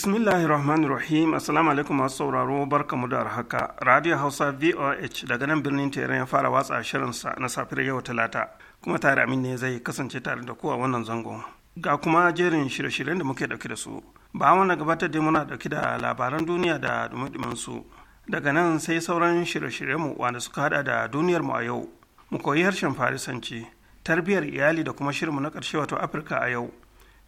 bismillahi rahmanir rahim assalamu alaikum masu sauraro barkamu da haka radio hausa voh daga nan birnin teran ya fara watsa shirinsa na safiyar yau talata kuma tare amin ne zai kasance tare da kowa wannan zangon ga kuma jerin shirye-shiryen da muke dauke da su ba wanda gabatar da muna dauke da labaran duniya da dumi su daga nan sai sauran shirye-shiryenmu wanda suka hada da duniyar mu a yau mu koyi harshen farisanci tarbiyyar iyali da kuma shirinmu na karshe wato afirka a yau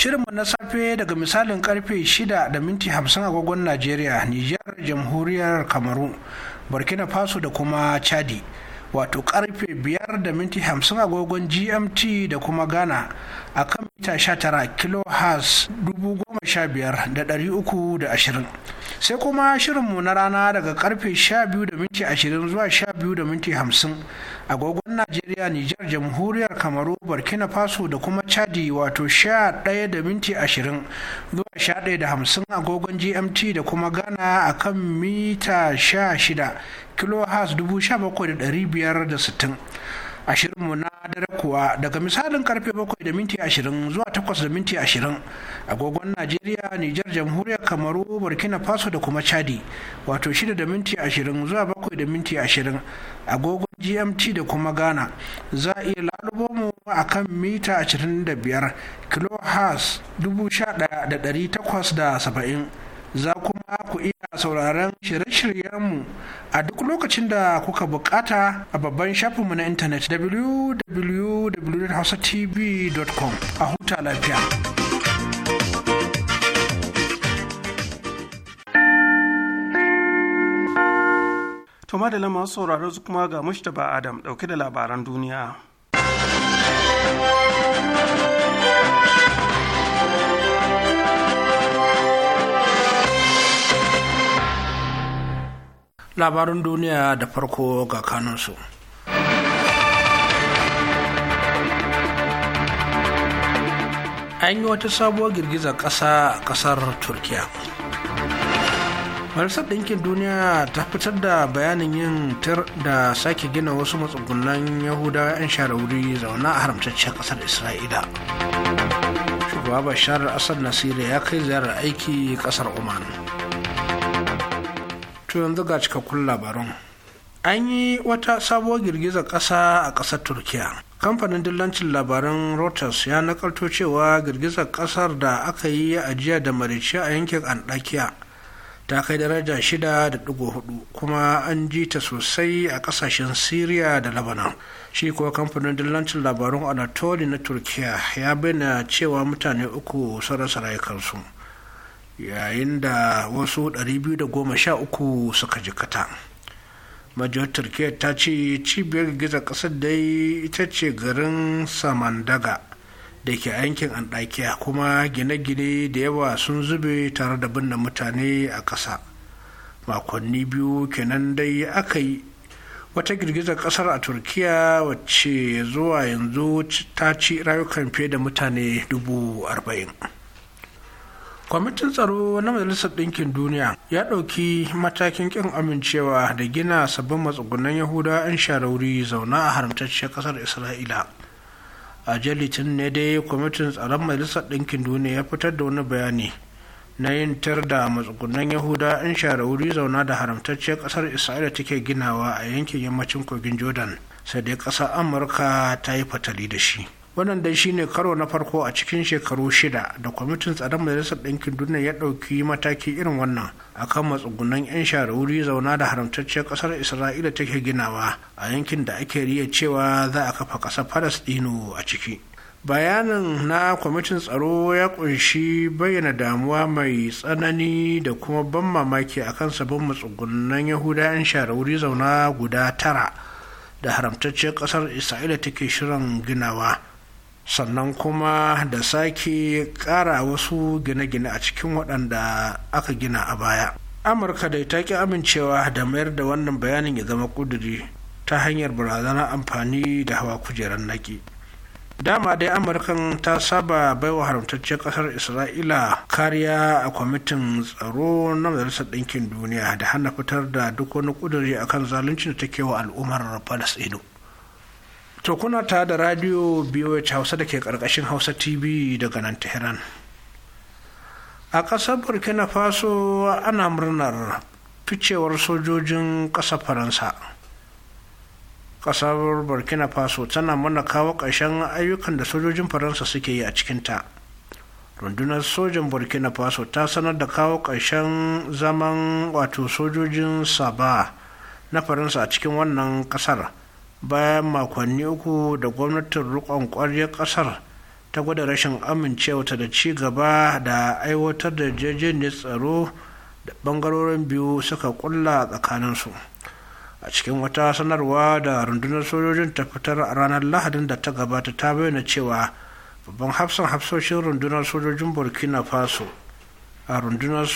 Shirinmu na safe daga misalin karfe 6 da minti 50 agogon Najeriya, Nijar, Jamhuriyar Kamaru, Burkina Faso da kuma Chadi. Wato karfe 5 da minti 50 agogon GMT da kuma Ghana a kan mita 19 kilo da 15,320. sai kuma shirinmu na rana daga karfe 12:20 zuwa 12:50 agogon najeriya nijar jamhuriyar kamaru burkina faso da kuma chadi wato 11:20 zuwa 11:50 agogon gmt da kuma ghana a kan mita 16 kilohas 17,560 a shirinmu na dare kuwa daga misalin karfe 7 da minti 20 zuwa 8 da minti 20 agogon najeriya nijar jamhuriyar kamaru burkina faso da kuma chadi wato 6 da minti 20 zuwa 7 da minti 20 agogon gmt da kuma ghana za a iya lalubo mu a kan mita 25 kilohertz 11870 za kuma ku iya sauraron shirye-shiryenmu a duk lokacin da kuka bukata a babban shafinmu na intanet www.hausatv.com a huta lafiya. Tuma da lama sauraro kuma ga Mushtaba Adam dauke da labaran duniya. labarin duniya da farko ga kanunsu. an yi wata sabuwar girgizar ƙasa a ƙasar turkiya majalisar ɗinkin duniya ta fitar da bayanin yin tir da sake gina wasu matsugunan Yahuda 'yan share wuri zauna a haramtacciyar ƙasar isra'ila shugaba bashar asad Nasiru ya kai ziyarar aiki ƙasar oman to yanzu ga cikakkun labarun an yi wata sabuwar girgizar ƙasa a ƙasar turkiya kamfanin dillancin labaran reuters ya nakalto cewa girgizar ƙasar da aka yi a jiya da marici a yankin andakiya ta kai daraja shida da 6.4 kuma an ji ta sosai a ƙasashen syria da lebanon shi kuwa kamfanin dillancin labarun anatoli na turkiya ya bayyana cewa mutane uku sun rasa rayukansu yayin da wasu 213 suka jikata majiyar turkiyya ta ce cibiyar girgizar kasar dai ita ce garin samandaga da ke yankin andakiya kuma gine-gine da yawa sun zube tare da binne mutane a ƙasa makonni biyu kenan dai aka yi wata girgizar kasar a turkiya wacce zuwa yanzu ta ci rayukan fiye da mutane dubu arba'in. kwamitin tsaro na majalisar ɗinkin duniya ya ɗauki matakin ƙin amincewa da gina sabbin matsugunan yahuda 'yan sharauri zauna a haramtacciyar ƙasar isra'ila a jalitin ne dai kwamitin tsaron majalisar ɗinkin duniya ya fitar da wani bayani na yin tar da matsugunan yahuda 'yan sharauri zauna da haramtacciyar ƙasar isra'ila take ginawa a yankin yammacin kogin jordan sai dai ƙasar amurka ta yi fatali da shi wannan dai shine karo na farko a cikin shekaru shida da kwamitin tsaron majalisar ɗinkin duniya ya ɗauki mataki irin wannan akan matsugunan 'yan share zauna da haramtacciyar ƙasar isra'ila take ginawa a yankin da ake riya cewa za a kafa ƙasar falastino a ciki bayanin na kwamitin tsaro ya kunshi bayyana damuwa mai tsanani da kuma ban mamaki akan sabon matsugunan yahuda 'yan share zauna guda tara da haramtacciyar ƙasar isra'ila take shirin ginawa sannan kuma da sake kara wasu gine-gine a cikin waɗanda aka gina a baya amurka dai ta ki amincewa da mayar da wannan bayanin ya zama ƙuduri ta hanyar barazanar amfani da hawa kujerar naki dama dai amurkan ta saba baiwa haramtacciyar kasar isra'ila kariya a kwamitin tsaro na majalisar ɗinkin duniya da hana fitar da duk wani ƙuduri akan zaluncin da take wa al'ummar palestino To kuna ta da radio BOH Hausa da ke ƙarƙashin Hausa TV daga nan Tehran. A ƙasar Burkina Faso ana murnar ficewar sojojin ƙasar Faransa. Ƙasar Burkina Faso tana mana kawo ƙarshen ayyukan da sojojin Faransa suke yi a cikinta. rundunar sojan burkina faso ta sanar da kawo ƙarshen zaman wato sojojin saba na faransa a cikin wannan ƙasar bayan makonni uku da gwamnatin rikon ƙwaryar ƙasar ta gwada rashin amincewata da ci gaba da aiwatar da yarjejeniyar tsaro da bangarorin biyu suka kulla tsakaninsu a cikin wata sanarwa da rundunar sojojin ta fitar a ranar lahadin da ta gabata ta bayyana cewa babban hafsan hafsoshin rundunar sojojin burkina faso a rundunar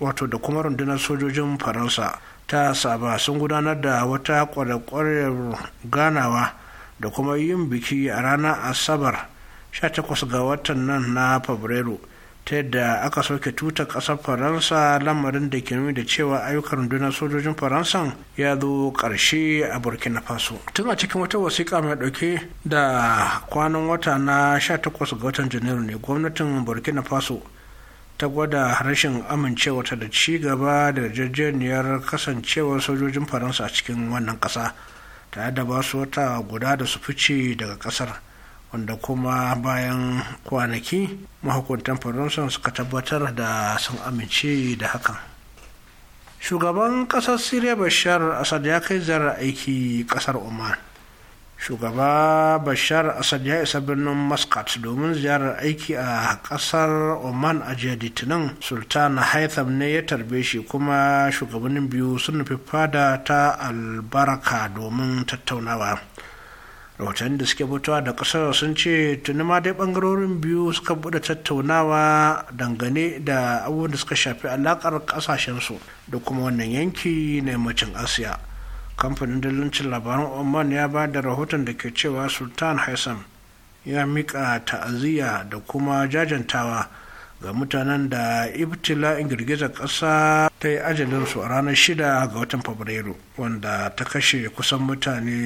wato da kuma rundunar sojojin faransa ta saba sun gudanar da wata kwarekwarar ganawa da kuma yin biki a ranar asabar 18 ga watan nan na fabrairu ta yadda aka soke tuta ƙasar faransa lamarin da ke nuni da cewa ayyukan rundunar sojojin faransa ya zo ƙarshe a burkina faso tun a cikin wata wasiƙa mai ɗauke da kwanan wata na 18 ga watan janairu ne gwamnatin burkina faso ta gwada rashin amincewarta da ci gaba da yarjejeniyar kasancewar sojojin faransa a cikin wannan ƙasa tare da ba su wata guda da su fice daga ƙasar wanda kuma bayan kwanaki mahukuntan faransa suka tabbatar da sun amince da hakan shugaban ƙasar siriya bashar asad ya kai zara aiki ƙasar oman shugaba bashar asad ya isa birnin muscat domin ziyarar aiki a kasar oman a jiya litinin sultan haitham ne ya tarbe shi kuma shugabannin biyu sun nufi fada ta albaraka domin tattaunawa rahoton da suke fitowa da kasar sun ce tuni ma dai bangarorin biyu suka buɗe tattaunawa dangane da abubuwan da suka shafi alakar ƙasashensu, da kuma wannan yanki na yammacin asiya kamfanin dillancin labaran oman ya ba da rahoton da ke cewa sultan haisam ya mika ta'aziyya da kuma jajantawa ga mutanen da ibtila'in girgizar ƙasa ta yi ajalinsu a ranar 6 ga watan fabrairu wanda ta kashe kusan mutane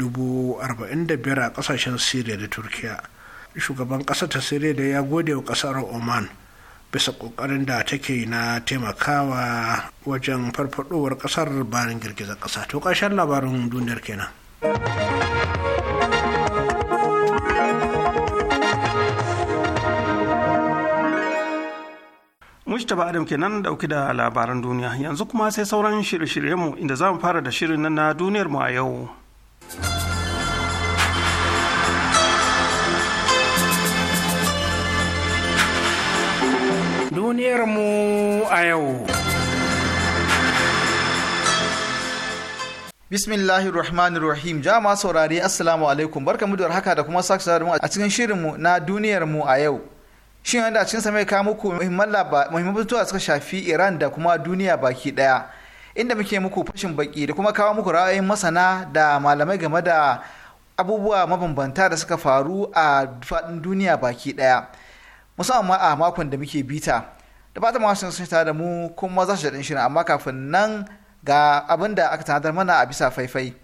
45,000 a ƙasashen siriya da turkiya shugaban ƙasar ta siriya da ya gode wa ƙasar oman bisa ƙoƙarin da take na taimakawa wajen farfadowar ƙasar bayan girgizar ƙasa to ƙarshen labarin duniyar kenan Mustapha Adam kenan dauki da labaran duniya yanzu kuma sai sauran shirye-shiryenmu inda za mu fara da shirin na duniyar mu a yau. mu a yau. Bismillahirrahmanirrahim jama saurari assalamu alaikum barkamu da haka da kuma sake saurari a cikin shirinmu na duniyar mu a yau. Shin wanda a cikin sa mai kawo muku muhimman batutuwa suka shafi Iran da kuma duniya baki daya inda muke muku fashin baki da kuma kawo muku ra'ayoyin masana da malamai game da abubuwa mabambanta da suka faru a faɗin duniya baki daya. musamman a makon da muke bita da ma masu sun tare da mu kuma za su shi shirin amma kafin nan ga abin da aka tanadar mana a bisa faifai.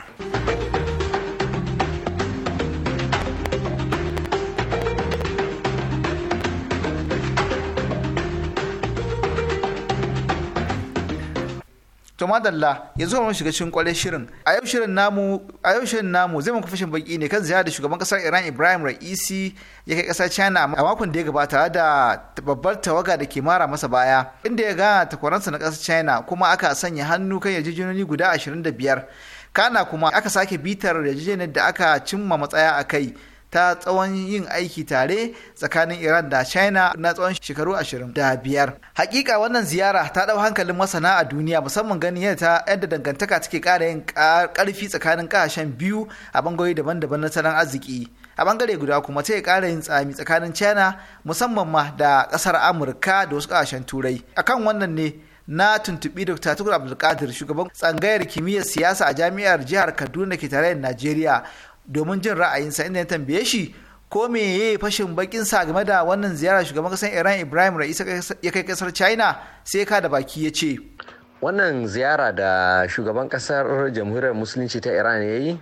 madalla yanzu kuma shiga cikin kwalle shirin a yau shirin namu a yau shirin namu zai muku fashin baki ne kan ziyarar shugaban kasar Iran Ibrahim Raisi ya kai kasar China a makon da ya gabata da babbar tawaga da ke mara masa baya inda ya gana takwaransa na kasar China kuma aka sanya hannu kan yarjejeniyoyi guda 25 kana kuma aka sake bitar yarjejeniyar da aka cimma matsaya a kai ta tsawon yin aiki tare tsakanin Iran da China na tsawon shekaru ashirin da biyar. Hakika wannan ziyara ta ɗau hankalin masana a duniya musamman ganin yadda yadda dangantaka take kara yin karfi tsakanin kasashen biyu a bangarori daban-daban na tattalin arziki. A bangare guda kuma ta kara yin tsami tsakanin China musamman ma da ƙasar Amurka da wasu kasashen Turai. Akan wannan ne na tuntubi Dr. Tukur Abdulkadir shugaban tsangayar kimiyyar siyasa a jami'ar jihar Kaduna ke tare da Najeriya domin jin ra'ayinsa inda ya tambaye shi ko me ya yi fashin bakin sa game da wannan ziyara shugaban kasar iran ibrahim ra'isa ya kai kasar china sai ka da baki ya ce wannan ziyara da shugaban kasar jamhuriyar musulunci ta iran ya yi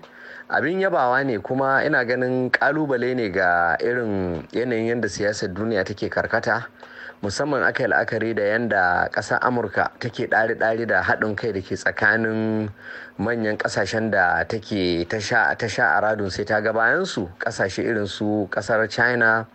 abin yabawa ne kuma ina ganin kalubale ne ga irin yanayin yadda siyasar duniya take karkata musamman aka yi la'akari da yadda ƙasar amurka take ɗari-ɗari da haɗin kai da ke tsakanin manyan ƙasashen da take ta sha a radun sai ta ga bayansu ƙasashe irin su ƙasar china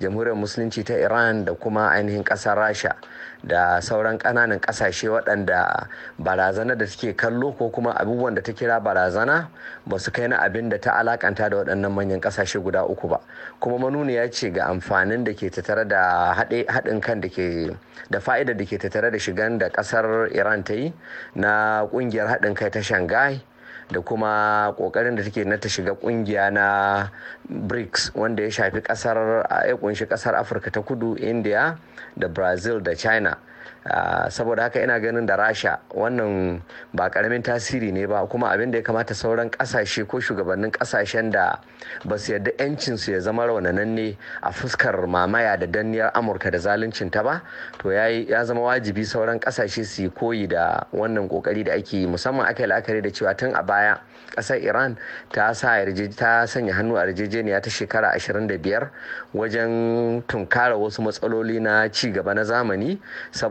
jamhuriyar musulunci ta iran da kuma ainihin ƙasar rasha da sauran kananan kasashe waɗanda barazana da suke kallo ko kuma abubuwan da ta kira barazana ba su kai na abin da ta alakanta da waɗannan manyan kasashe guda uku ba kuma ya ce ga amfanin da ke tattare da haɗin kan da ke da fa'idar da ke tattare da shigan da ƙasar iran ta yi na ƙungiyar haɗin kai ta shanghai da kuma ƙoƙarin da take na ta shiga ƙungiya na brics wanda ya shafi kasar ya ƙunshi ƙasar afirka ta kudu india da brazil da china Uh, saboda haka ina ganin da rasha wannan ba karamin tasiri ne ba kuma abin da ya kamata sauran kasashe ko shugabannin kasashen da ba su yarda yancinsu ya zama raunanan ne a fuskar mamaya da danniyar amurka da zaluncinta ba to ya zama wajibi sauran kasashe su yi koyi da wannan kokari da ake yi musamman aka yi la'akari da cewa tun a baya kasar iran ta sa ta sanya hannu a yarjejeniya ta shekara 25 wajen tunkara wasu matsaloli na ci gaba na zamani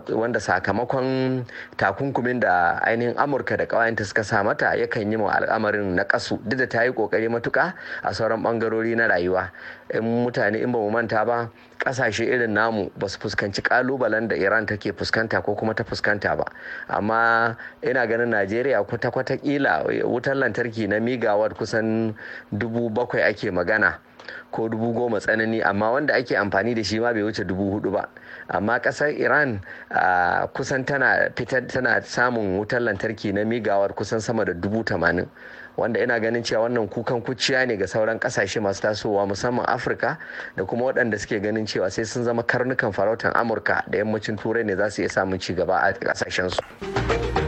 wanda sakamakon takunkumin da ainihin amurka da kawayenta suka sa mata yakan yi wa al'amarin na kasu duk da ta yi kokari matuka a sauran bangarori na rayuwa mutane in ba mu manta ba kasashe irin namu ba su fuskanci kalubalen da iran take fuskanta ko kuma ta fuskanta ba amma ina ganin najeriya kwata-kwata kila eh, wutar lantarki na migawar kusan dubu bakwai ake magana ko dubu goma tsanani amma wanda ake amfani da shi ma bai wuce dubu hudu ba amma kasar iran ah, kusan tana tana samun wutar lantarki na migawar kusan sama da dubu tamanin wanda ina ganin cewa wannan kukan kuciya ne ga sauran kasashe masu tasowa musamman afirka da kuma waɗanda suke ganin cewa sai sun zama karnukan farautan amurka da yammacin turai ne za su iya samun ci gaba a kasashensu. su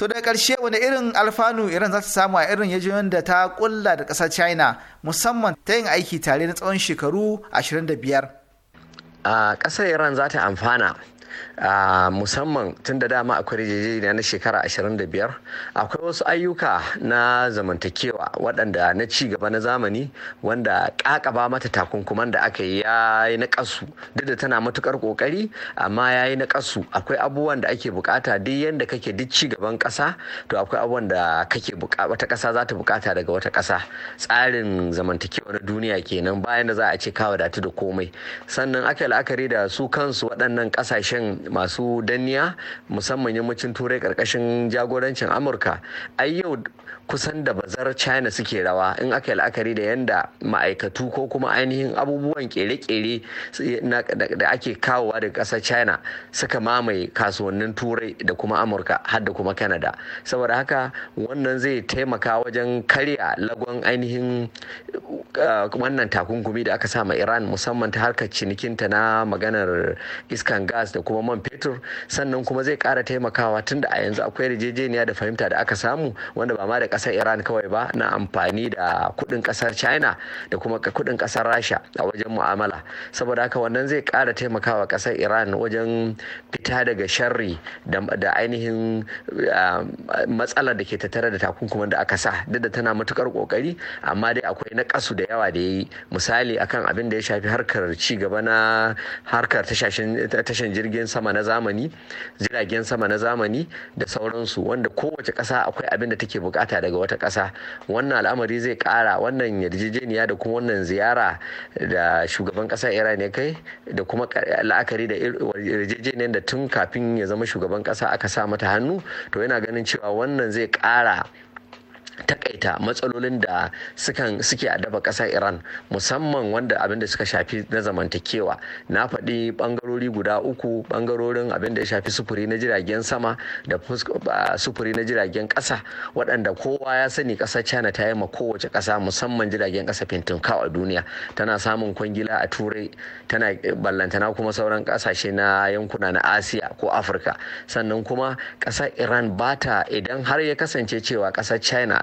to da ƙarshe wani irin alfanu iran za ta samu a irin yajiyoyin da ta kulla da ƙasar china musamman ta yin aiki tare na tsawon shekaru 25 a ƙasar iran za ta amfana musamman tun da dama akwai rijijina na shekara 25 akwai wasu ayyuka na zamantakewa waɗanda na ci gaba na zamani wanda ƙaƙaba mata takunkuman da aka yi ya yi na ƙasu duk da tana matuƙar ƙoƙari amma ya yi na ƙasu akwai abubuwan da ake buƙata duk yadda kake duk ci gaban ƙasa to akwai abubuwan da kake wata ƙasa za ta buƙata daga wata ƙasa tsarin zamantakewa na duniya kenan bayan da za a ce ka wadatu da komai sannan aka la'akari da su kansu waɗannan ƙasashen kasashen masu danniya musamman yammacin turai karkashin jagorancin amurka ai yau kusan da bazar china suke rawa in aka yi la'akari da yanda ma'aikatu ko kuma ainihin abubuwan kere-kere da ake kawowa daga ƙasar china suka mamaye kasuwannin turai da kuma amurka har da kuma canada saboda haka wannan zai taimaka wajen karya lagon ainihin uh, wannan takunkumi da aka sama iran musamman ta harkar cinikinta na maganar iskan gas da kuma man fetur sannan kuma zai ƙara taimakawa tunda a yanzu akwai yarjejeniya da fahimta da aka samu wanda ba ma da kasar iran kawai ba na amfani da kudin kasar china da kuma kudin kasar rasha a wajen mu'amala saboda haka wannan zai kara taimakawa kasar iran wajen fita daga sharri da ainihin um, matsalar da ke tattare da takunkuman da aka sa duk da tana matukar kokari amma dai akwai na kasu da yawa da ya yi misali akan abin da ya shafi harkar ci gaba na harkar tashin jirgin sama na zamani jiragen sama na zamani da sauransu wanda kowace kasa akwai abin da take bukata da daga wata ƙasa wannan al'amari zai ƙara wannan yarjejeniya da kuma wannan ziyara da shugaban ƙasa iran ya kai da kuma la'akari da yarjejeniyar da tun kafin ya zama shugaban ƙasa aka sa mata hannu to yana ganin cewa wannan zai ƙara takaita matsalolin da sukan suke adaba ƙasar iran musamman wanda abin da suka shafi na zamantakewa na faɗi ɓangarori guda uku ɓangarorin abin da ya shafi sufuri na jiragen sama da sufuri na jiragen ƙasa waɗanda kowa ya sani ƙasar china ta yi ma kowace ƙasa musamman jiragen ƙasa fintinkawa a duniya tana samun kwangila a turai tana ballantana kuma sauran ƙasashe na yankuna na asiya ko afirka sannan kuma ƙasar iran bata idan har ya kasance cewa ƙasar china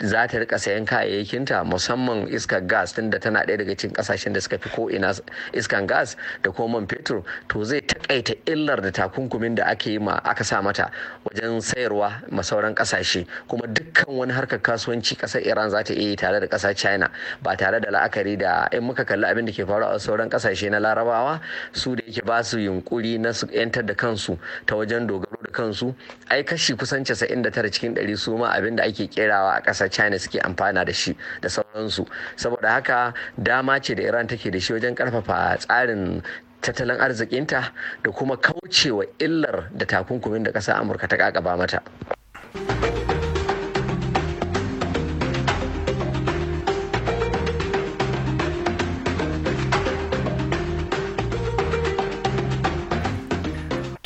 za ta rika sayan ta musamman iskar gas tun da tana ɗaya daga cikin kasashen da suka fi ko ina iskan gas da kuma man fetur to zai takaita illar da takunkumin da ake yi ma aka sa mata wajen sayarwa ma sauran kasashe kuma dukkan wani harkar kasuwanci kasar iran za ta iya yi tare da kasar china ba tare da la'akari da in muka kalli abin da ke faruwa a sauran kasashe na larabawa su da yake ba su yunkuri na su yantar da kansu ta wajen dogaro da kansu ai kashi kusan 99 cikin 100 su ma abin da ake kerawa a kasar kasar china suke amfana da shi da sauransu saboda haka dama ce da iran take da shi wajen karfafa tsarin tattalin arzikinta da kuma kaucewa illar da takunkumin da ƙasar amurka ta ƙaƙaba mata.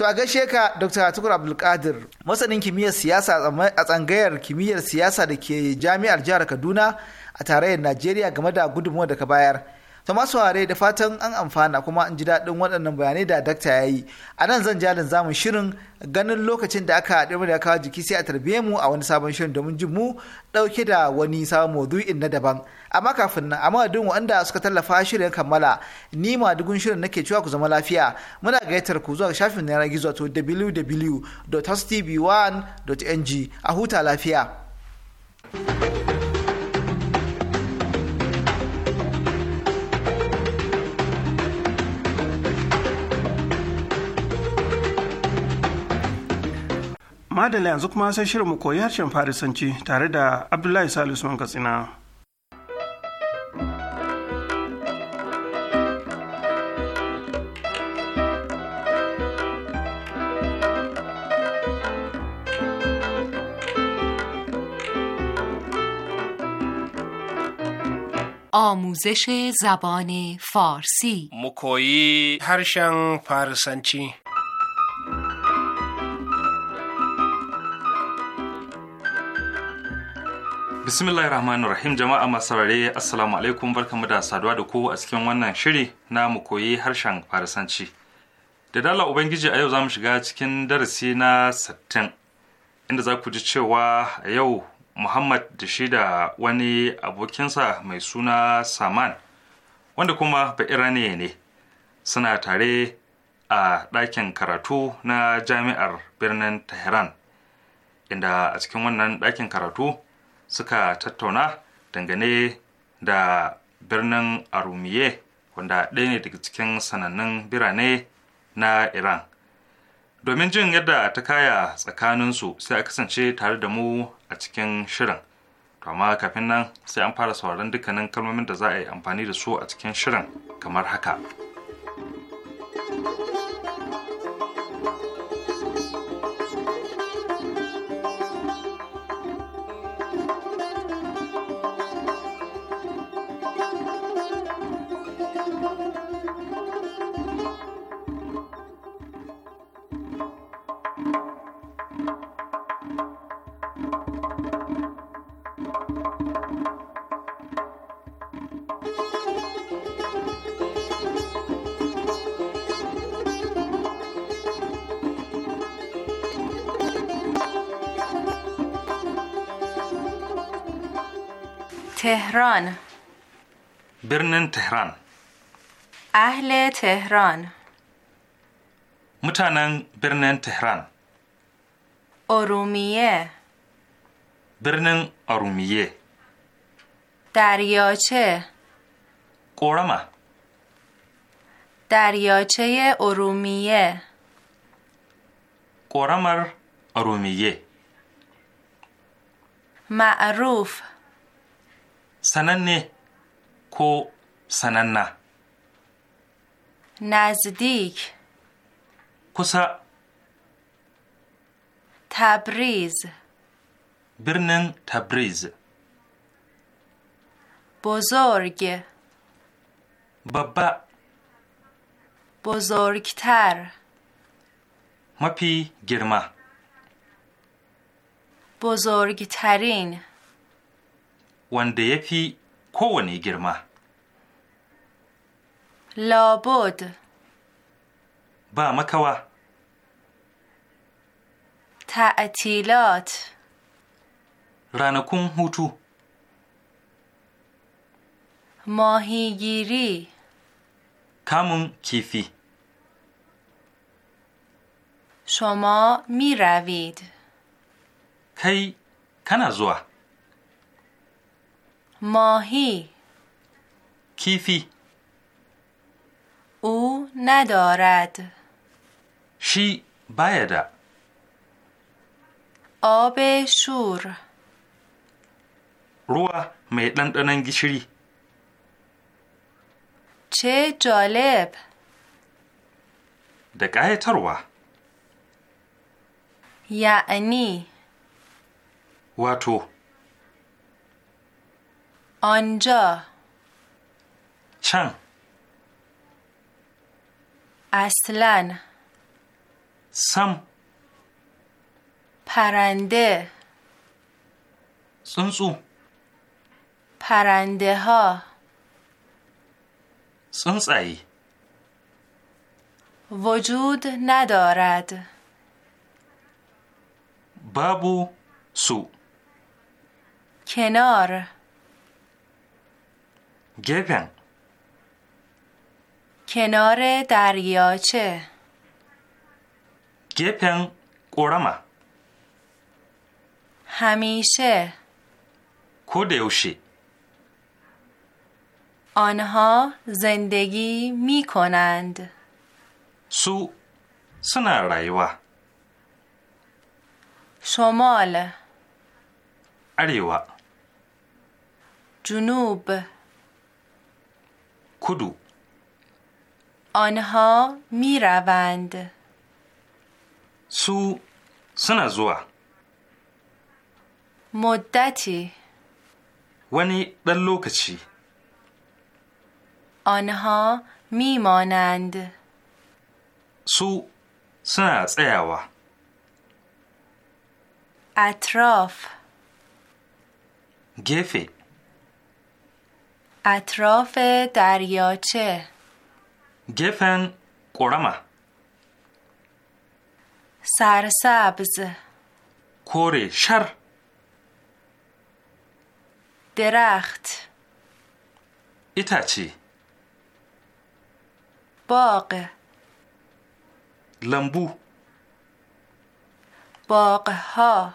To a gaishe ka Dr. Tukur Abdulkadir, masanin kimiyyar siyasa a tsangayar kimiyyar siyasa da ke jami'ar jihar Kaduna a tarayyar Najeriya game da gudunmuwa da ka bayar. ta masu ware da fatan an amfana kuma an ji daɗin waɗannan bayanai da dakta ya yi a nan zan jalin zamun shirin ganin lokacin da aka haɗe da kawo jiki sai a tarbiye mu a wani sabon shirin domin jin mu ɗauke da wani sabon maudu'in na daban amma kafin nan amma duk wanda suka tallafa shirin kammala ni ma dugun shirin nake cewa ku zama lafiya muna gayyatar ku zuwa shafin yanar gizo to wwwtv 1ng a huta lafiya. thank you da yanzu kuma sai shirin mu koyi harshen farisanci tare da abdullahi salisu katsina آموزش زبان فارسی مکویی هرشن فارسنچی Bismillahirrahmanirrahim jama'a masu saurare Assalamu alaikum barkamu da saduwa da ku a cikin wannan shiri na mu koyi harshen Farisanci. Da dala Ubangiji a yau za mu shiga cikin darasi na sattin inda za ku ji cewa a yau Muhammad da shi da wani abokinsa mai suna Saman wanda kuma Ba'irane ne suna tare a ɗakin karatu na jami'ar birnin Tehran inda a cikin wannan ɗakin karatu suka tattauna dangane da birnin arumiye wanda ɗaya ne daga cikin sanannun birane na iran domin jin yadda ta kaya tsakaninsu sai a kasance tare da mu a cikin shirin to amma kafin nan sai an fara sauran dukkanin kalmomin da za a yi amfani da su a cikin shirin kamar haka. thank you برنن تهران اهل تهران متانن برنن تهران ارومیه برنن ارومیه دریاچه قورما دریاچه ارومیه قورمر ارومیه معروف سننه ko sananna nazdik kusa tabriz birnin tabriz bozorg babba bozorgtar mafi girma bozorgtarin wanda ya fi kowane girma labod ba makawa ta'atilat ranakun hutu ماهیگیری Kamun kifi. شما می روید کی کنا ماهی کیفی او ندارد شی باید آب شور روا می دندنن شری چه جالب دکه تروا یعنی واتو آنجا چن اصلا سم پرنده سنسو پرنده ها سنسعی وجود ندارد بابو سو کنار گیپنگ کنار دریاچه گپن قرما همیشه کودوشی آنها زندگی می کنند سو سنا رایوا شمال اریوا جنوب کدو آنها می روند سو سنزوا مدتی ونی در لوکچی آنها می مانند سو سنز ایوا اطراف گفه اطراف دریاچه گفن قرمه سرسبز کوری شر درخت ایتاچی باغ لمبو ها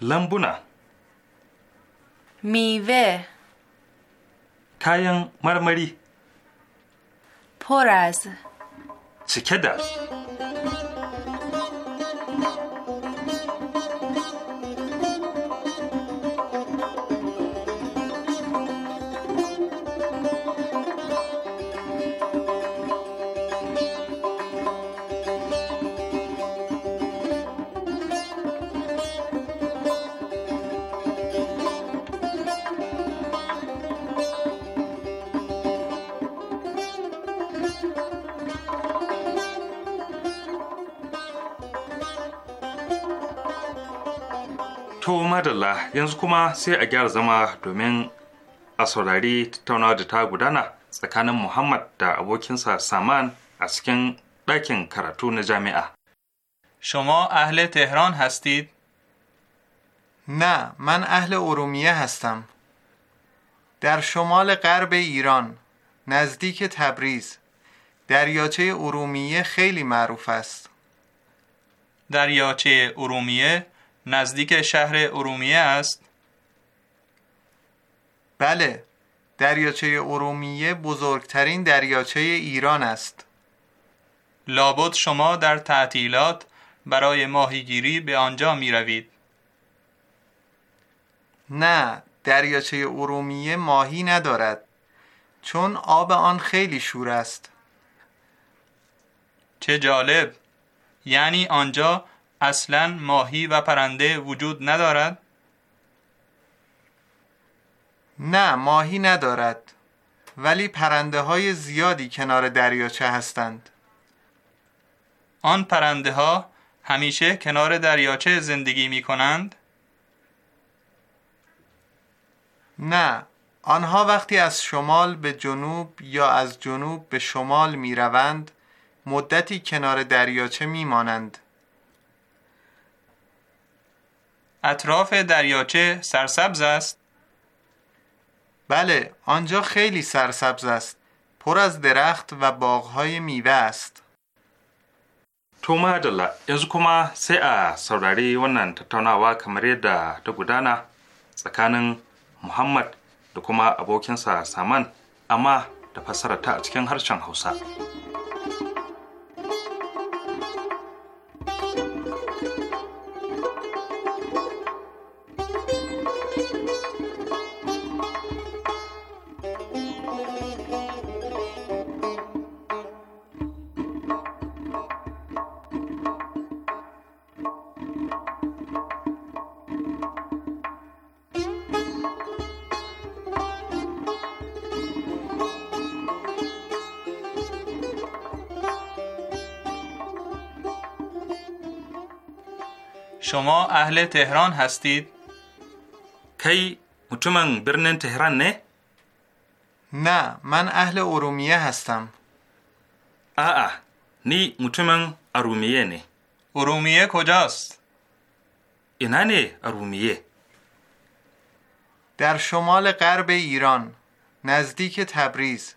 لمبونا میوه kayan marmari. Poras. Cike da. To madalla yanzu kuma sai a gyara zama domin a saurari tattaunawa da ta gudana tsakanin Muhammad da abokinsa Saman a cikin ɗakin karatu na jami'a. شما اهل تهران هستید؟ نه من اهل ارومیه هستم در شمال غرب ایران نزدیک تبریز دریاچه ارومیه خیلی معروف است دریاچه ارومیه نزدیک شهر ارومیه است؟ بله دریاچه ارومیه بزرگترین دریاچه ایران است لابد شما در تعطیلات برای ماهیگیری به آنجا می روید نه دریاچه ارومیه ماهی ندارد چون آب آن خیلی شور است چه جالب یعنی آنجا اصلا ماهی و پرنده وجود ندارد؟ نه ماهی ندارد ولی پرنده های زیادی کنار دریاچه هستند آن پرنده ها همیشه کنار دریاچه زندگی می کنند؟ نه آنها وقتی از شمال به جنوب یا از جنوب به شمال می روند مدتی کنار دریاچه می مانند اطراف دریاچه سرسبز است؟ بله، آنجا خیلی سرسبز است. پر از درخت و باغهای میوه است. To madalla yanzu kuma sai a saurari wannan tattaunawa kamar yadda ta gudana tsakanin Muhammad da kuma abokinsa Saman amma da fassarata a cikin harshen Hausa. شما اهل تهران هستید؟ کی مطمئن برنن تهران نه؟ نه من اهل ارومیه هستم آه نی مطمئن ارومیه نه ارومیه کجاست؟ اینانه ارومیه در شمال غرب ایران نزدیک تبریز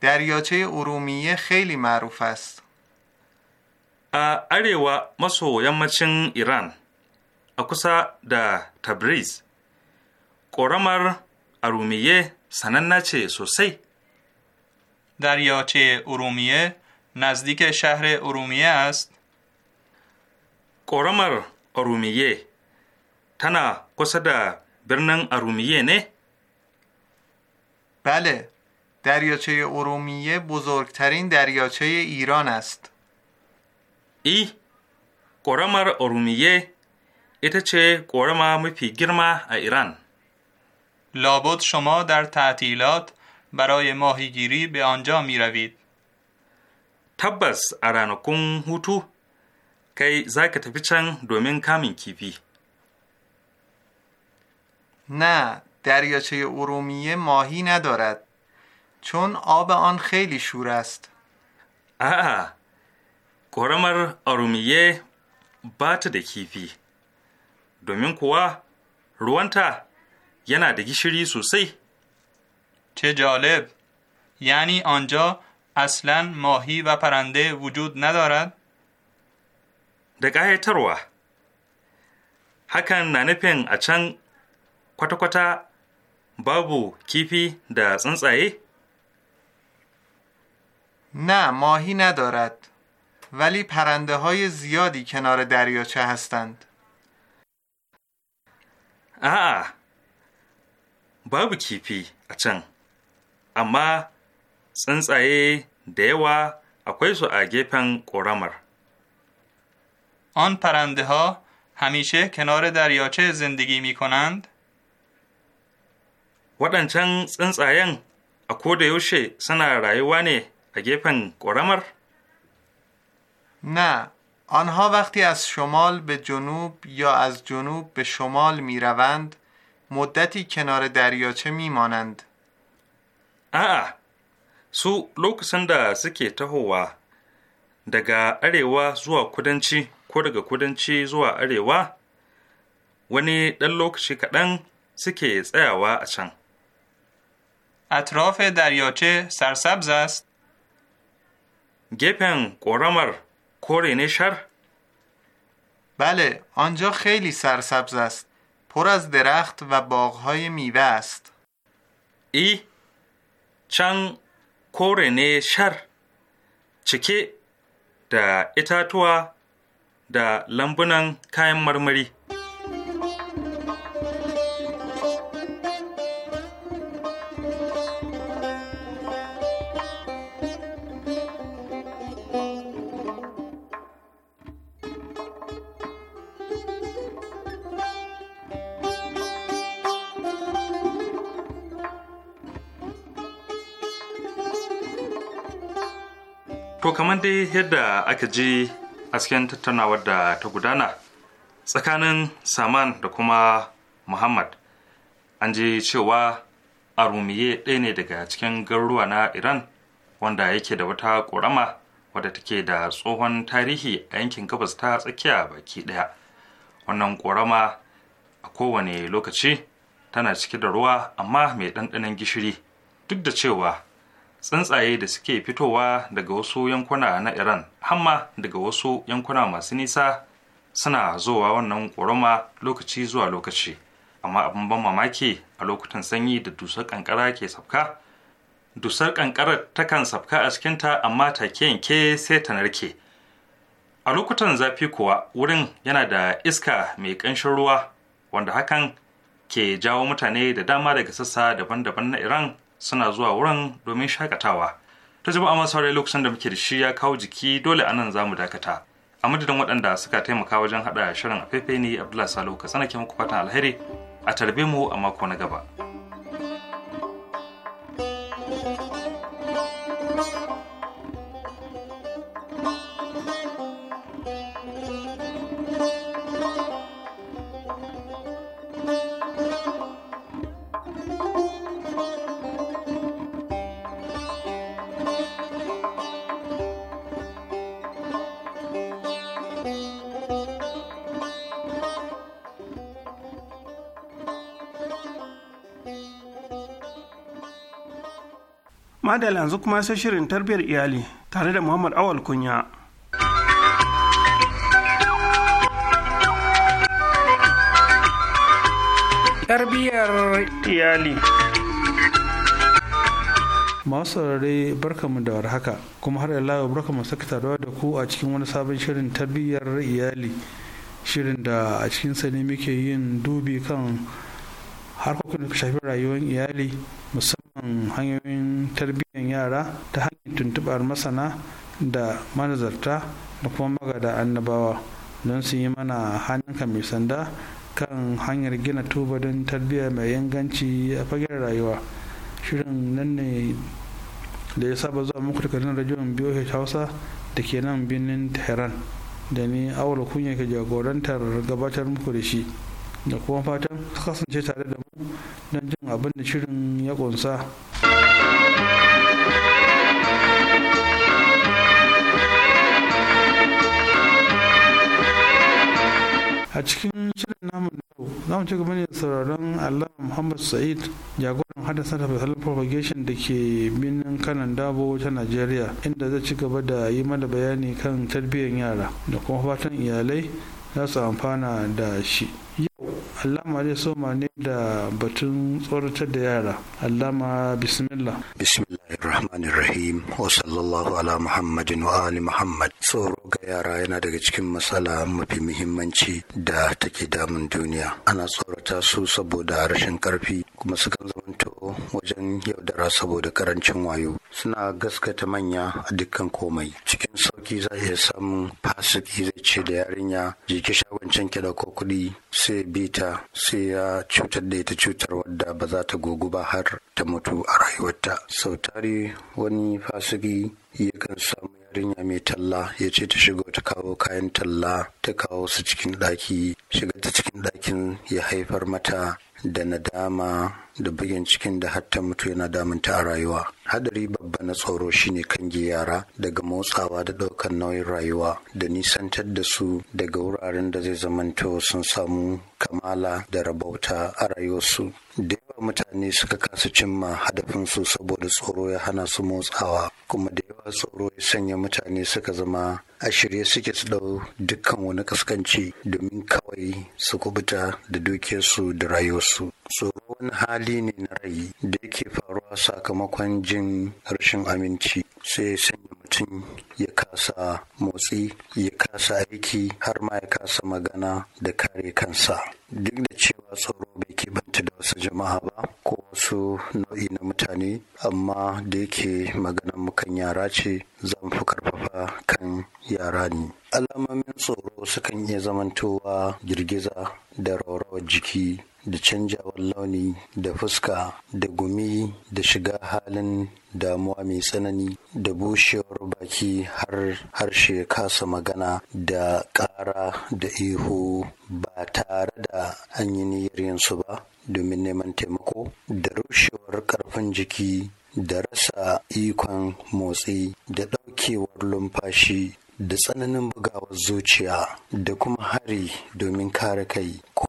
دریاچه ارومیه خیلی معروف است a arewa maso yammacin Iran, a kusa da Tabriz, ƙoramar ارومیه سنن نچه سوسی دریاچه ارومیه نزدیک شهر ارومیه است قرمر ارومیه تنا قصد برنن ارومیه نه؟ بله دریاچه ارومیه بزرگترین دریاچه ایران است ای ƙoramar ارومیه ita ce ƙorama mafi girma ایران. لابد شما در تعطیلات برای ماهیگیری به آنجا می روید. تبس ارانکون هوتو کی که تفی ka دومین کامین نه دریاچه ارومیه ماهی ندارد چون آب آن خیلی شور است. آه ƙoramar arumiye ba ta da kifi domin kuwa ruwanta yana da gishiri sosai چه yani anja aslan mahi wa parande wujud nadarad? Da دقایق tarwa, hakan na nufin a can kwata-kwata babu kifi da tsuntsaye? na mahi nadarad. ولی پرنده های زیادی کنار دریاچه هستند آه بابو کیپی اچن اما سنسای دیوا اکویسو اگیپن قرامر آن پرنده ها همیشه کنار دریاچه زندگی می کنند ودنچن سنسایان اکو دیوشه سنا رایوانه اگیپن قرامر؟ نه آنها وقتی از شمال به جنوب یا از جنوب به شمال می روند مدتی کنار دریاچه می مانند آه سو لوک سنده سکی تهو و دگا اره و زوا کدنچی کدگا کدنچی زوا اره و ونی دل لوک شکرن سکی و اچان اطراف دریاچه سرسبز است گپن قرامر کره بله آنجا خیلی سرسبز است پر از درخت و باغهای میوه است ای چن کره چکه دا اتاتوا دا لمبنان کاین مرمری dai yadda aka ji a cikin tattaunawar da ta gudana tsakanin saman da kuma muhammad an ji cewa arumiye ɗaya ne daga cikin garuruwa na iran wanda yake da wata ƙorama wadda take da tsohon tarihi a yankin gabas ta tsakiya baki ɗaya wannan ƙorama a kowane lokaci tana cike da ruwa amma mai ɗanɗanon gishiri duk da cewa tsuntsaye da suke fitowa daga wasu yankuna na iran hamma daga wasu yankuna masu nisa suna zowa wannan ƙorama lokaci zuwa lokaci amma abin ban mamaki a lokutan sanyi da dusar ƙanƙara ke sabka dusar ta takan sabka a cikinta amma ta yanke sai ta narke a lokutan zafi kuwa wurin yana da iska mai ƙanshin ruwa wanda hakan ke jawo mutane da dama daga sassa daban-daban na iran suna zuwa wurin domin shakatawa ta a masu lokacin da muke da shi ya kawo jiki dole anan za mu dakata a madadin waɗanda suka taimaka wajen haɗa shirin a ne abdullahi salo ka sanake muku fatan alheri a tarbe mu a mako na gaba. madal yanzu kuma sai shirin tarbiyyar iyali tare da muhammad awal kunya tarbiyyar iyali masu saurare barkamu da warhaka kuma har yalla mu saka taruwa da ku a cikin wani sabon shirin tarbiyyar iyali shirin da a cikinsa ne muke yin dubi kan harkokin da shafi rayuwar iyali musamman kan hanyoyin tarbiyyar yara ta hanyar tuntubar masana da manazarta da kuma magada annabawa don su yi mana hannunka mai sanda kan hanyar gina tuba don tarbiyya mai inganci a fagen rayuwa shirin nan ne da ya saba zuwa muku daga rajon biyu hausa da ke nan birnin tehran da ni awal kunya ke jagorantar gabatar muku da shi da kuma fatan kasance tare da mu don jin abin da shirin ya kunsa. a cikin shirin namu yau za mu ci gaba ne sauraron allah muhammad sa'id jagoran hadasa da fasal propagation da ke binin kanan dabo ta nigeria inda zai ci gaba da yi mana bayani kan tarbiyyar yara da kuma fatan iyalai za su amfana da shi allama zai soma ne da batun tsoratar da yara allama bismillah bismillahirrahmanirrahim wa sallallahu ala muhammadin wa ali muhammad tsoro ga yara yana daga cikin matsala mafi muhimmanci da take damun duniya ana tsorata su saboda rashin karfi kuma sukan zamanto wajen yaudara saboda karancin wayo suna gaskata manya a dukkan komai cikin sauki za iya samun fasiki zai ce da yarinya jiki shagon canke da ko sai bita. sai ya cutar da ita cutar wadda ba za ta gogu ba har ta mutu a rayuwarta sau tare wani fasiki kan samu yarinya mai talla ya ce ta shigo ta kawo kayan talla ta kawo su cikin ɗaki shiga ta cikin ɗakin ya haifar mata da nadama da bugin cikin da hatta mutu yana damunta a rayuwa hadari babba na tsoro shine kange yara daga motsawa da ɗaukar nauyin rayuwa da nisantar da su daga wuraren da zai zamanto sun samu kamala da rabauta a rayuwarsu da yawa mutane suka kasa cimma hadafinsu saboda tsoro ya hana su motsawa kuma da yawa tsoro ya sanya mutane suka zama a shirye suke su ɗau dukkan wani kaskanci domin kawai su kubuta da dukiyarsu da rayuwarsu Tsoro wani hali ne na rai da yake faruwa sakamakon jin rashin aminci sai sanya mutum ya kasa motsi ya kasa aiki har ma ya kasa magana da kare kansa duk da cewa tsoro bai kibanta da wasu jama'a ba ko wasu nau'i na mutane amma da yake magana mukan yara ce zan fi karfafa kan yara ne alamomin tsoro sukan iya zamantowa girgiza da rawar jiki da canjawar launi da fuska da gumi da shiga halin damuwa mai tsanani da bushewar baki har harshe kasa magana da ƙara da ihu ba tare da an niyyar yinsu ba domin neman taimako da rushewar ƙarfin jiki da rasa ikon motsi da ɗaukewar lumfashi da tsananin bugawar zuciya da kuma hari domin kare kai ko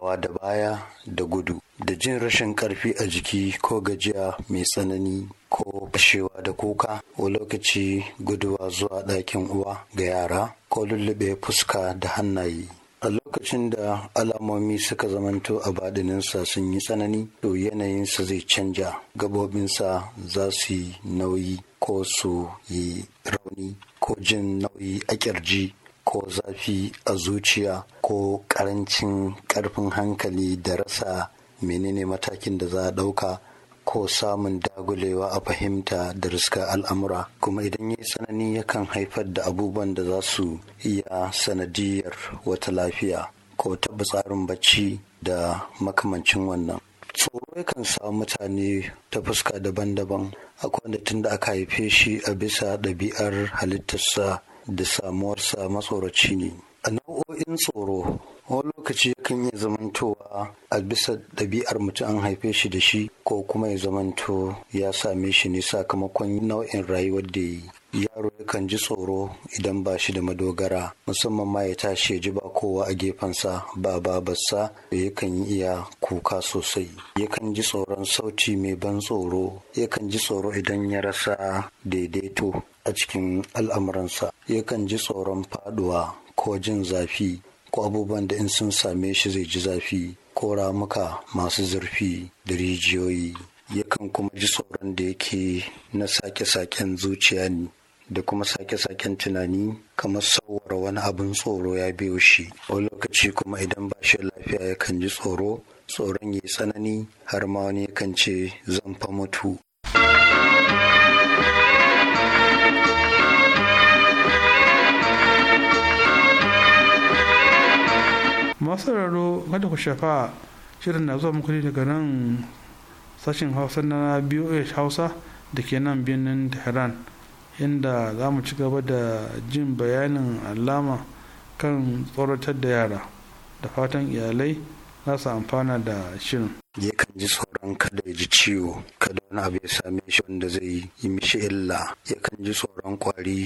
Hawa da baya da gudu da jin rashin karfi a jiki ko gajiya mai tsanani ko fashewa da kuka ko lokaci guduwa zuwa ɗakin uwa ga yara ko lullube fuska da hannaye a lokacin da alamomi suka zamanto a baɗininsa sun yi tsanani to yanayinsa zai canja gabobinsa za su yi nauyi ko su yi rauni ko jin nauyi a kirji ko zafi a zuciya ko karancin ƙarfin hankali da rasa menene matakin da za a ɗauka ko samun dagulewa a fahimta da riska al'amura kuma idan yi tsanani yakan haifar da abubuwan da za su iya sanadiyar wata lafiya ko taɓa tsarin bacci da makamancin wannan tsoro yakan samu mutane ta fuska daban-daban akwai wanda tun da aka haife shi a bisa ɗabi'ar halittarsa da samuwarsa matsoraci ne a nau'o'in tsoro wani lokaci yakan iya zamantowa a bisa ɗabi'ar mutum an haife shi da shi ko kuma ya zamanto ya same shi ne sakamakon nau'in rayuwar da ya yi yaro yakan ji tsoro idan ba shi da madogara musamman ma ya tashi ya ji ba kowa a gefensa ba babarsa da yakan yi iya kuka sosai yakan ji tsoron sauti mai ban tsoro yakan ji tsoro idan ya rasa daidaito a cikin al'amuransa yakan ji tsoron faduwa ko jin zafi ko abubuwan da in sun same shi zai ji zafi ko ramuka masu zurfi da rijiyoyi yakan kuma ji tsoron da yake na sake-saken zuciya ne da kuma sake-saken tunani kamar sauwar wani abin tsoro ya biyo shi wani lokaci kuma idan ba shi lafiya yakan ji tsoro tsoron ya tsanani har ma wani yakan ce zan fa mutu masu raro kada ku shafa shirin na zuwa muku daga nan sashen hausa na biyu hausa da ke nan birnin tehran inda za mu ci gaba da jin bayanin alama kan tsoratar da yara da fatan iyalai za su amfana da shirin yakan ji tsoron kada ya ji ciwo kada wani abu ya same shi wanda zai yi mishi illa yakan ji tsoron kwari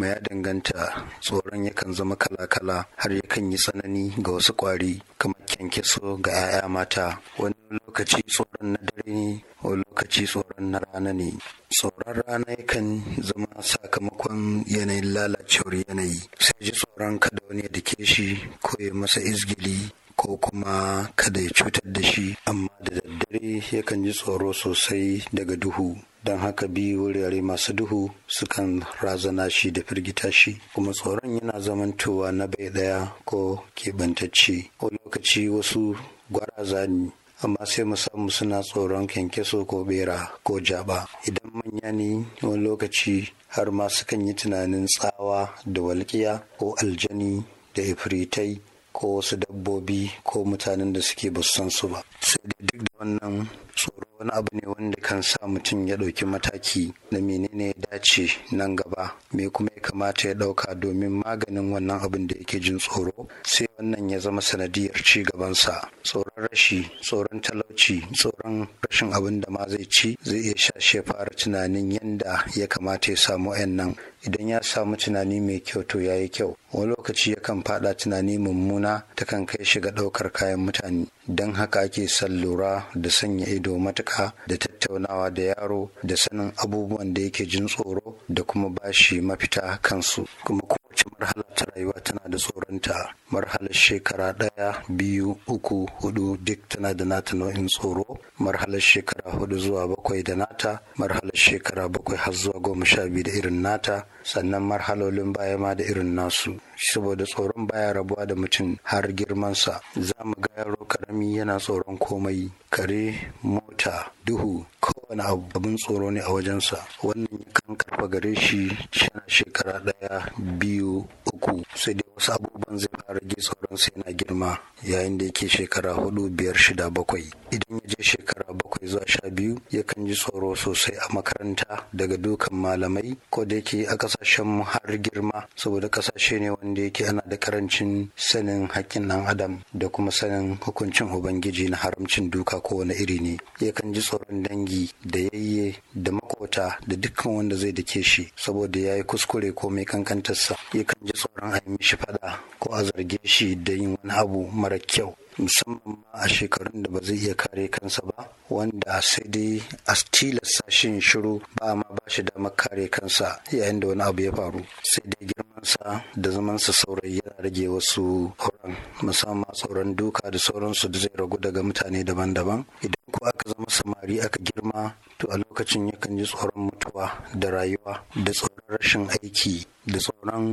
ma ya danganta tsoron yakan zama kala-kala har yakan yi tsanani ga wasu kwari kamar kyankyaso ga 'ya'ya mata wani lokaci tsoron na dare ne wani lokaci tsoron na rana ne tsoron rana yakan zama sakamakon yanayin lalacewar yanayi sai ji tsoron kada wani ya dake shi ko ya masa izgili ko kuma kada ya cutar da shi amma da daddare yakan ji tsoro sosai daga duhu don haka bi wurare masu duhu sukan razana shi da firgita shi kuma tsoron yana zamantowa na bai daya ko kebantacce. ko lokaci wasu gwaraza ne amma sai mu samu suna tsoron kyankyaso ko bera ko jaba idan manya ne wani lokaci har ma sukan yi tunanin tsawa da walƙiya ko aljani da ifritai ko wasu dabbobi ko mutanen da suke ba san su ba sai dai duk da wannan tsoro wani abu ne wanda kan sa mutum ya ɗauki mataki da menene ya dace nan gaba me kuma kamata ya ɗauka domin maganin wannan abin da yake jin tsoro sai wannan ya zama sanadiyar ci gabansa tsoron rashi tsoron talauci tsoron rashin abin da ma zai ci zai iya shashe fara tunanin yadda ya kamata ya samu nan idan ya samu tunani mai kyau to ya yi kyau wani lokaci yakan fada tunani mummuna ta kan kai shi ga ɗaukar kayan mutane don haka ake san lura da sanya ido matuka da tattaunawa da yaro da sanin abubuwan da yake jin tsoro da kuma bashi mafita a kansu kuma kowace marhala ta rayuwa tana da tsoronta marhalar shekara ɗaya biyu uku hudu duk tana da nata nau'in tsoro marhalar shekara hudu zuwa bakwai da nata marhalar shekara bakwai har zuwa goma sha biyu da irin nata sannan marhalolin baya ma da irin nasu saboda tsoron baya rabuwa da mutum har girmansa za mu ga yaro karami yana tsoron komai kare mota duhu kowane abin tsoro ne a wajensa wannan kan karfa gare shi yana shekara ɗaya biyu uku sai dai wasu abubuwan zai fara ji tsoron sai yana girma yayin da yake shekara hudu biyar shida bakwai idan ya je shekara bakwai zuwa sha biyu yakan ji tsoro sosai a makaranta daga dukan malamai ko da yake aka kasashen har girma saboda kasashe ne wanda yake ana da karancin sanin haƙƙin ɗan adam da kuma sanin hukuncin ubangiji na haramcin duka kowane iri ne yakan ji tsoron dangi da yayye da makota da dukkan wanda zai dake shi saboda ya yi kuskure ko mai kankantarsa yakan ji tsoron a yi mishi fada ko a zarge shi da yin wani abu mara kyau musamman ma a shekarun da ba zai iya kare kansa ba wanda sai dai a tilasta shi shiru ba ma ba shi damar kare kansa yayin da wani abu ya faru sai dai girma sa da zamansa saurayi yana rage wasu horon musamman tsoron duka da sauransu da zai ragu daga mutane daban-daban idan ko aka zama samari aka girma to a lokacin yakan ji tsoron mutuwa da rayuwa da tsoron rashin aiki da tsoron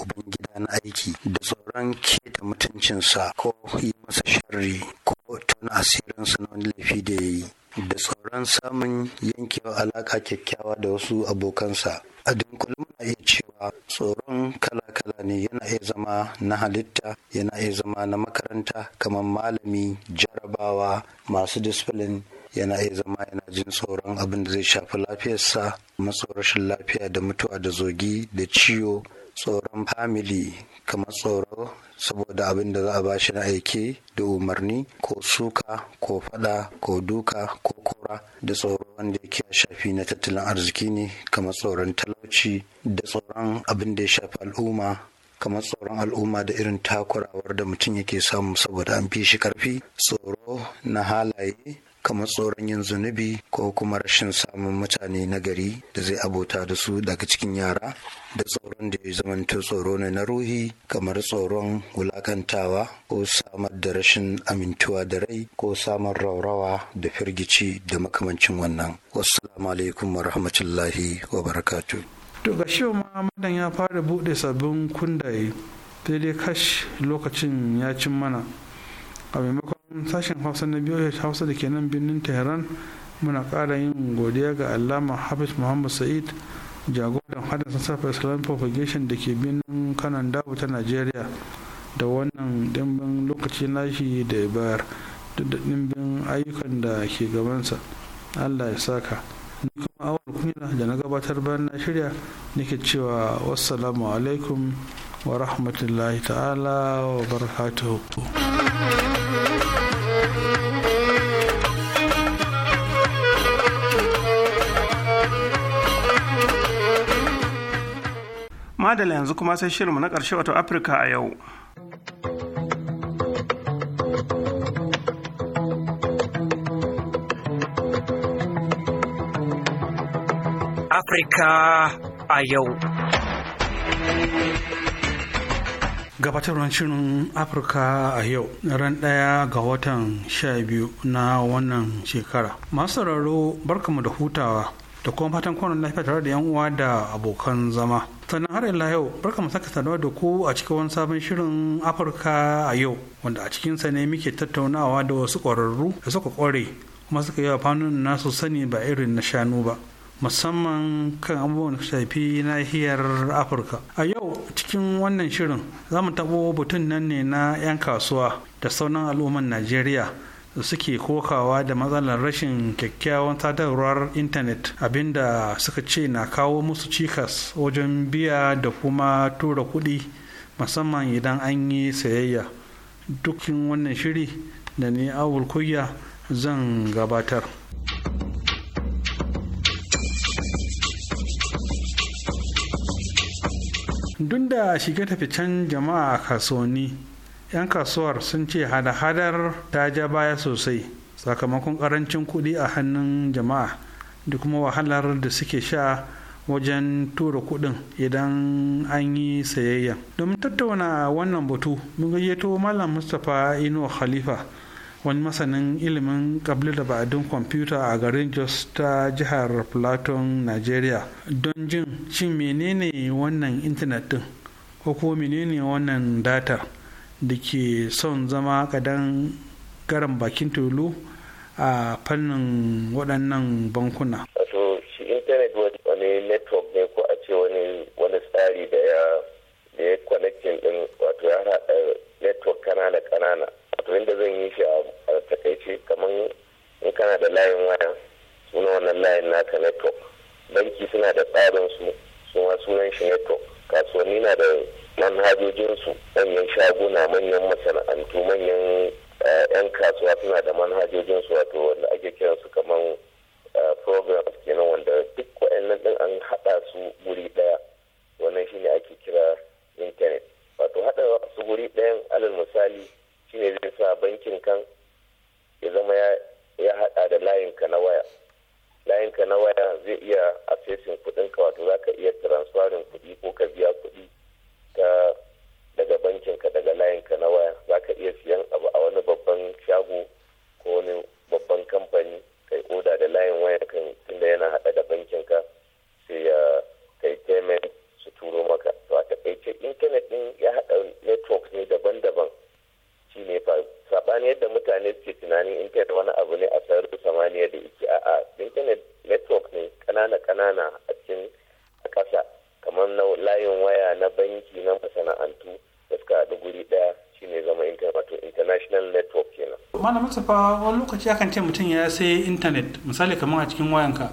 ubangida na aiki da tsoron keta mutuncinsa ko yi masa sharri ko tun asirinsa na wani laifi da ya yi da tsoron samun yankewa alaka kyakkyawa da wasu abokansa a dunkule muna iya cewa tsoron kala-kala ne yana iya zama na halitta yana iya zama na makaranta kamar malami jarabawa masu discipline yana iya zama yana jin tsoron abin da zai shafi lafiyarsa masu rashin lafiya da mutuwa da zogi da ciwo tsoron famili kamar tsoro saboda abin da za a bashi na aiki da umarni ko suka ko fada ko duka ko kora da tsoron wanda yake shafi na tattalin arziki ne kamar tsoron talauci da tsoron abin da ya shafi al'umma kamar tsoron al'umma da irin takurawar da mutum yake samu saboda an fi shi karfi tsoro na halaye kamar tsoron yin zunubi ko kuma rashin samun mutane na gari da zai abota da su daga cikin yara da tsoron da ya zamanta tsoro ne na ruhi kamar tsoron wulakantawa ko samar da rashin amintuwa da rai ko samun raurawa da firgici da makamancin wannan wasu alaikum wa rahmatullahi wa barakatu to ga shi ya fara bude sabbin kundaye daidai kash lokacin ya cin mana a maimakon sashen hausa na biyu hausa da kenan nan birnin tehran muna ƙara yin godiya ga allama hafiz muhammad sa'id jagoran hada sassafa islam propagation da ke birnin kanan dawo ta nigeria da wannan dimbin lokaci nashi da ya bayar duk da dimbin ayyukan da ke gabansa allah ya saka ni kuma awar kunya da na gabatar bayan na shirya nake cewa wassalamu alaikum wa rahmatullahi ta'ala wa barakatuhu madala yanzu kuma sai shirinmu na ƙarshe wato afirka a yau afirka a yau gabatarwar shirin afirka a yau ran ɗaya ga watan sha biyu na wannan shekara masu sauraro barkamu da hutawa da kuma fatan kwanan lafiya tare da yan uwa da abokan zama sannan har ila yau barka mu saka sanuwa da ku a cikin wani sabon shirin afirka a yau wanda a cikin sa ne muke tattaunawa da wasu ƙwararru da suka ƙware kuma suka yi wa fannin nasu sani ba irin na shanu ba musamman kan abubuwan shafi nahiyar afirka a yau cikin wannan shirin za mu taɓo batun nan ne na 'yan kasuwa da sauran al'ummar najeriya suke kokawa da matsalar rashin kyakkyawan sadarwar intanet abinda suka ce na kawo musu cikas wajen biya da kuma tura kuɗi musamman idan an yi sayayya dukkin wannan shiri da ni awul kuya zan gabatar duk da shige tafi can jama'a kasuwanni 'yan kasuwar sun ce hada-hadar ta ja baya sosai sakamakon karancin kuɗi a hannun jama'a da kuma wahalar da suke sha wajen tura kuɗin idan an yi sayayya domin tattauna wannan batu mun gayyato malam mustapha inu khalifa wani masanin ilimin kabli da ba'adun kwamfuta a garin jos ta jihar platon nigeria don jin shin menene wannan intanet din ko kuma menene wannan data? da ke son zama kadan garan bakin tulu a fannin waɗannan bankuna. Wato shi intanet wani network ne ko a ce wani wani tsari da ya da ya connecting din wato ya haɗa network kanana kanana wato inda zan yi shi a takaice kamar in kana da layin waya suna wannan layin naka network banki suna da tsarin su suna sunan shi network kasuwanni na da manhajojinsu manyan shaguna manyan masana'antu manyan 'yan eh, kasuwa suna da manhajojinsu wato wanda ake kiransu kamar eh, programs kenan wanda duk wa'annan din an haɗa su guri ɗaya wannan shine ake kira intanet wato haɗa su guri ɗayan alal misali shine zai sa bankin kan ya zama ya haɗa da layinka na waya layinka na waya zai iya accessing kuɗinka wato za ka iya transferring kuɗi ko ka biya kuɗi ta daga bankin ka daga layin ka na waya za ka iya siyan abu a wani babban shago ko wani babban kamfani kai oda da layin waya kan tunda yana hada da bankin ka sai ya kai payment su turo maka to a takaice intanet din ya hada network ne daban-daban shi ne sabani yadda mutane suke tunanin intanet wani abu ne a da samaniya da yake a'a intanet network ne kanana-kanana a malamin fa wani lokaci akan ce mutum ya sai intanet misali kamar a cikin wayanka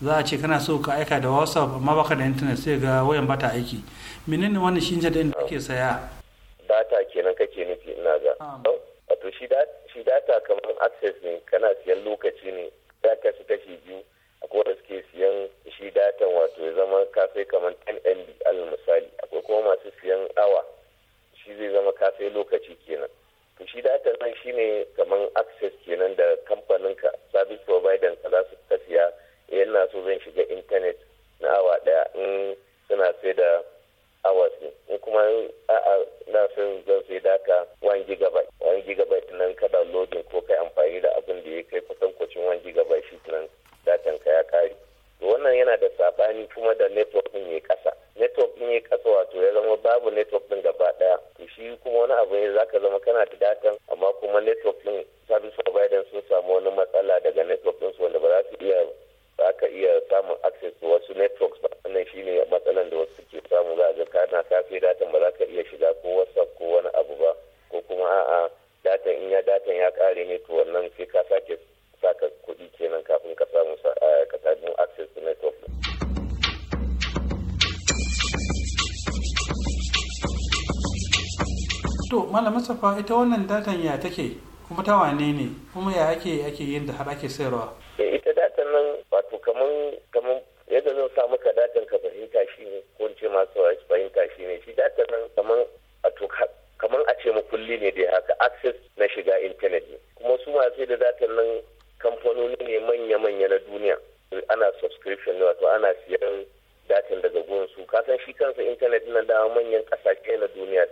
za a ce kana so ka aika da whatsapp amma baka da intanet sai ga wayan bata aiki menene wannan shi da inda kake saya data kenan kake nufi ina ga wato shi data kamar access ne kana siyan lokaci ne mustapha ita wannan datan ya take kuma ta wane ne kuma ya ake ake yin da har ake sayarwa eh, ita datan nan wato kaman kaman yadda zan sa maka datan ka fahimta shi ne ko in ce masu fahimta shi ne shi datan nan kaman wato kaman a ce makulli ne da haka access na shiga intanet ne kuma su masu sai da datan nan kamfanoni ne manya-manya na duniya ana subscription ne wato ana siyan datin daga gonsu kasan shi kansa intanet na da manyan kasashe na duniya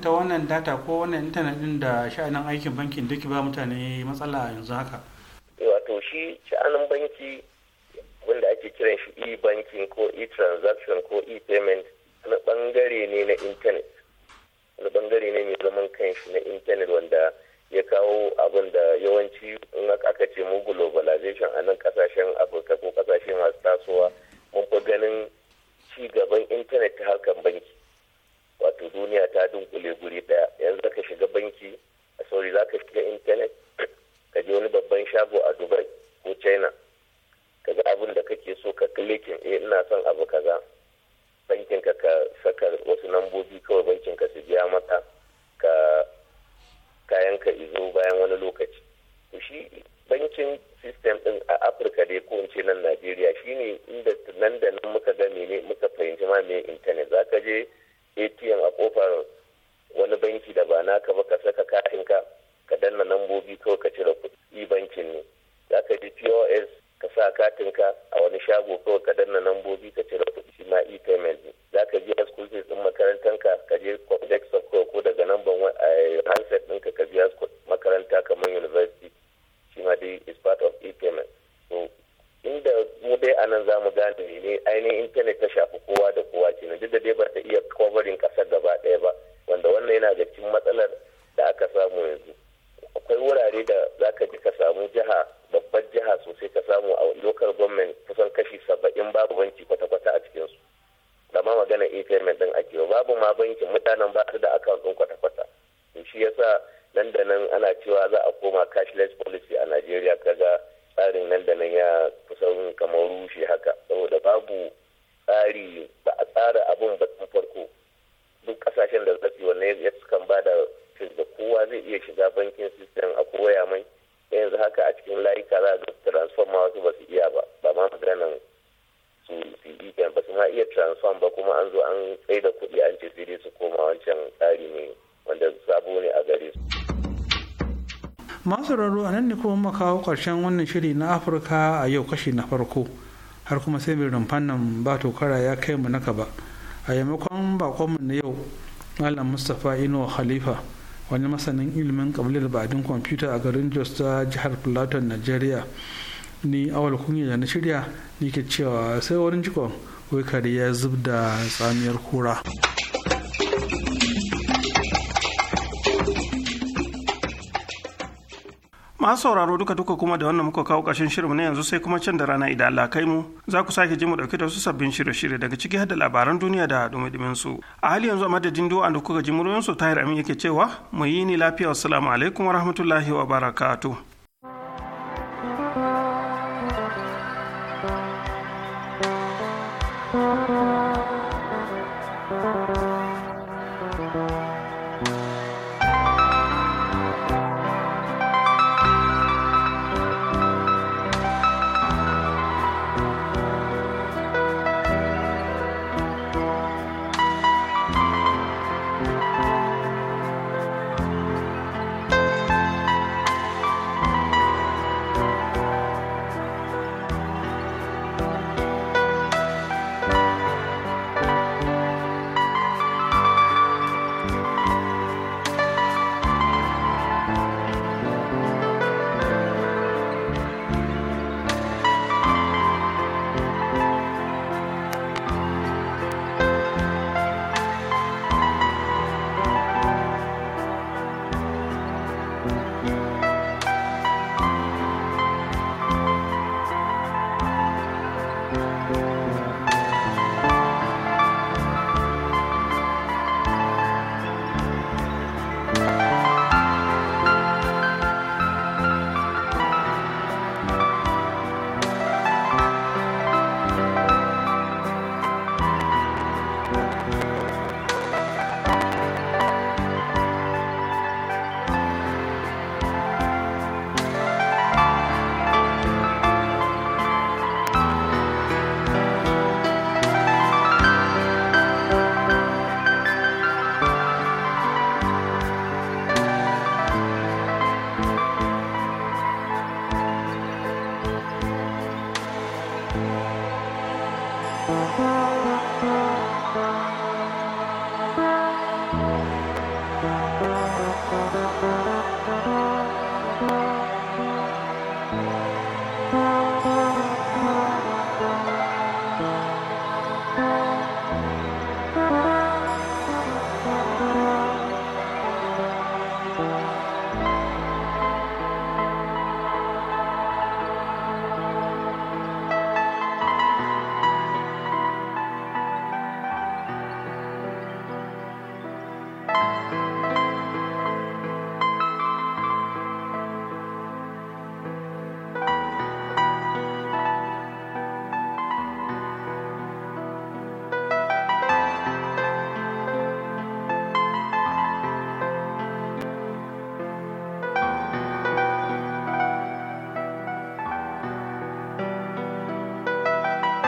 ta wannan data ko wannan intanet din da sha'anin aikin bankin duk ba mutane matsala yanzu haka eh, wato shi sha'anin banki wanda ake kiran shi e-banking ko e-transaction ko e-payment wani bangare ne na intanet wani bangare ne mai zaman kanshi na intanet wanda ya kawo abin da yawanci in aka ce mu globalization a nan kasashen afirka ko kasashe masu tasowa mun fi ganin ci gaban intanet ta harkar banki ta dunkule guri daya yanzu ka shiga banki a sauri za ka shiga intanet ka je wani babban shago a dubai ko china ka ga abin da kake so ka klikin eh ina son abu kaza bankin ka ka saka wasu nambobi kawai bankin ka su biya mata ka kayan ka izo bayan wani lokaci to shi bankin system din a afirka dai ko ce nan najeriya shine inda nan da nan muka ga mene muka fahimci ma me internet za ka je atm a kofar wani banki da ba naka ba ka saka katin ka ka danna lambobi ko ka cire kuɗi e bankin ne za ka ji pos ka sa katin ka a wani shago ko ka danna lambobi ka cire kuɗi shi ma e-payment ne za ka biya school fees din makarantar ka ka je complex of ko daga namban eh, handset din ka ka biya makaranta kamar university shi ma dai is part of e-payment so inda mu dai a nan za mu gane ne ainihin intanet ta shafi kowa da kowa ce duk da dai ba ta iya kwabarin ƙasar gaba daya ba wanda wannan yana da cikin matsalar da aka samu yanzu akwai wurare da za ka ji ka samu jiha babbar jiha sosai ka samu a local government kusan kashi saba'in babu banki kwata-kwata a cikinsu da ma magana atm din ake babu ma bankin mutanen ba su da account din kwata-kwata shi yasa nan da nan ana cewa za a koma cashless policy a najeriya kaga tsarin nan da nan ya kusan kamar rushe haka saboda babu tsari ba a tsara abun ba tun farko duk kasashen da zafi wannan ya kan ba da da kowa zai iya shiga bankin system a koya mai yanzu haka a cikin layuka za ga transfer ma wasu ba su iya ba ba ma maganan su yi ba su ma iya transfer ba kuma an zo an tsaye da kuɗi an ce sai dai su koma wancan tsari ne wanda sabo ne a gare su. masu raro a nan ne kuma makawo ƙarshen wannan shiri na afirka a yau kashi na farko har kuma sai mai rumfan nan ba tokara ya kai mu naka ba a yammakon bakonmu na yau malam mustapha ino khalifa wani masanin ilimin kabilar ba'adin kwamfuta a garin jos ta jihar plateau nigeria ni awal kunya da na shirya ni ke cewa sai wani jikon wai kare ya zub da tsamiyar kura. masu sauraro duka duka kuma da wannan muka kawo ƙarshen shirin na yanzu sai kuma can da rana idan Allah kai mu za ku sake ji mu dauke da wasu sabbin shirye-shirye daga ciki har da labaran duniya da dumi su a hali yanzu a madadin duwa da kuka ji muryoyin su tahir amin yake cewa mu yi ni lafiya assalamu alaikum wa rahmatullahi wa barakatuh